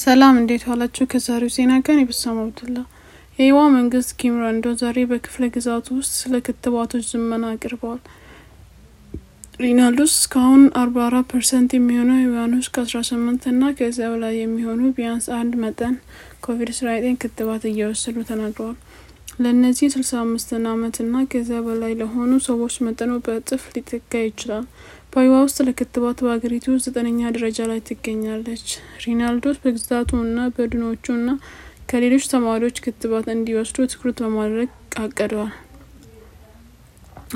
ሰላም እንዴት ዋላችሁ ከዛሬው ዜና ጋር የበሳም አብዱላ የህዋ መንግስት ኪም ራንዶ ዛሬ በክፍለ ግዛቱ ውስጥ ስለ ክትባቶች ዝመና አቅርበዋል ሪናልዱስ እስካሁን አርባ አራት ፐርሰንት የሚሆነው ህዋኖች ከአስራ ስምንት ና ከዚያ በላይ የሚሆኑ ቢያንስ አንድ መጠን ኮቪድ አስራ ዘጠኝ ክትባት እየወሰዱ ተናግረዋል ለእነዚህ የ አመት እና ከዚያ በላይ ለሆኑ ሰዎች መጠኑ በእጥፍ ሊጠጋ ይችላል። ፓይዋ ውስጥ ለክትባት በአገሪቱ ውስጥ ዘጠነኛ ደረጃ ላይ ትገኛለች። ሪናልዶስ በግዛቱ እና በድኖቹ እና ከሌሎች ተማሪዎች ክትባት እንዲወስዱ ትኩረት በማድረግ አቀደዋል።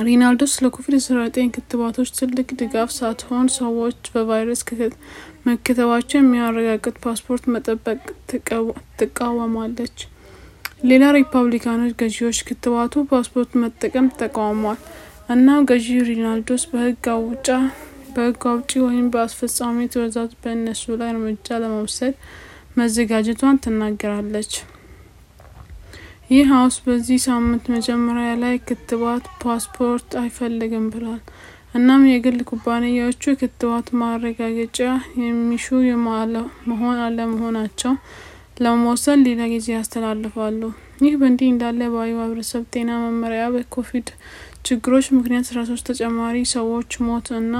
ሪናልዶስ ስለ ኮቪድ-19 ክትባቶች ትልቅ ድጋፍ ሳትሆን ሰዎች በቫይረስ መከተባቸው የሚያረጋግጥ ፓስፖርት መጠበቅ ትቃወማለች። ሌላ ሪፐብሊካኖች ገዢዎች ክትባቱ ፓስፖርት መጠቀም ተቃውሟል እና ገዢ ሪናልዶስ በህግ አውጫ በህግ አውጪ ወይም በአስፈጻሚ ትእዛዝ በእነሱ ላይ እርምጃ ለመውሰድ መዘጋጀቷን ትናገራለች። ይህ ሀውስ በዚህ ሳምንት መጀመሪያ ላይ ክትባት ፓስፖርት አይፈልግም ብሏል። እናም የግል ኩባንያዎቹ የክትባት ማረጋገጫ የሚሹ መሆን አለመሆናቸው ለመወሰን ሌላ ጊዜ ያስተላልፋሉ። ይህ በእንዲህ እንዳለ በአዊ ማህበረሰብ ጤና መመሪያ በኮቪድ ችግሮች ምክንያት አስራ ሶስት ተጨማሪ ሰዎች ሞት እና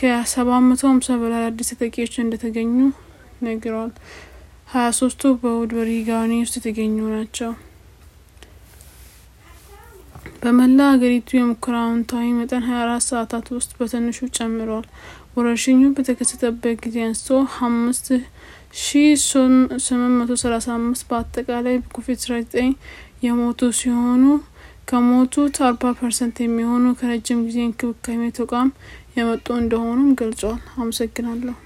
ከሰባ መቶ ሀምሳ በላይ አዲስ ተጠቂዎች እንደተገኙ ነግረዋል። ሀያ ሶስቱ በውድ በሪጋኒ ውስጥ የተገኙ ናቸው። በመላ ሀገሪቱ የሙከራ አዎንታዊ መጠን 24 ሰዓታት ውስጥ በትንሹ ጨምሯል። ወረርሽኙ በተከሰተበት ጊዜ አንስቶ አምስት በአጠቃላይ በኮቪድ-19 የሞቱ ሲሆኑ ከሞቱት አርባ ፐርሰንት የሚሆኑ ከረጅም ጊዜ እንክብካቤ ተቋም የመጡ እንደሆኑም ገልጿል። አመሰግናለሁ።